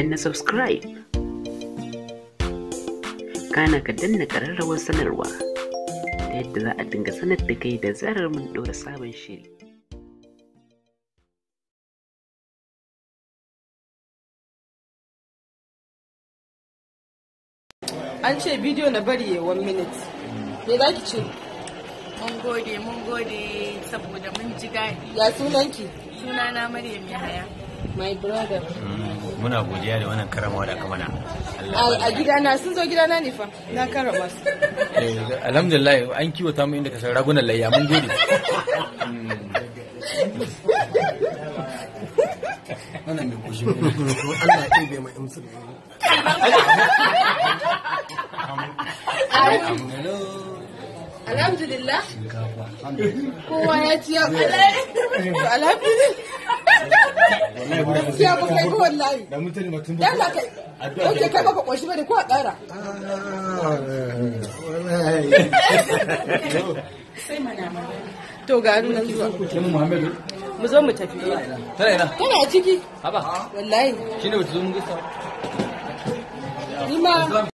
danna subscribe kana ka danna ƙararrawar sanarwa ta yadda za a dinga sanar da kai da zarar mun ɗora sabon shiri an ce bidiyo na bari ya one minute me za ki ce mun gode mun gode saboda mun ji daɗi ya sunanki sunana maryam yahaya my brother mm. muna godiya da wannan karamawa da kamana a gidana sun zo gidana ne fa na karama su eh, alhamdulillah an kiwata mu inda ka san ragunan layya mun gode wannan mai kushi Allah ya ɗebe mai imsu da alhamdulillah kowa ya ci ya alhamdulillah gaskiya ba kai wallahi da mutum mutum ba da kai kai a kara sai mana to ga nan zuwa Muhammadu mu zo mu tafi tana ina tana a ciki haba wallahi shine ba zo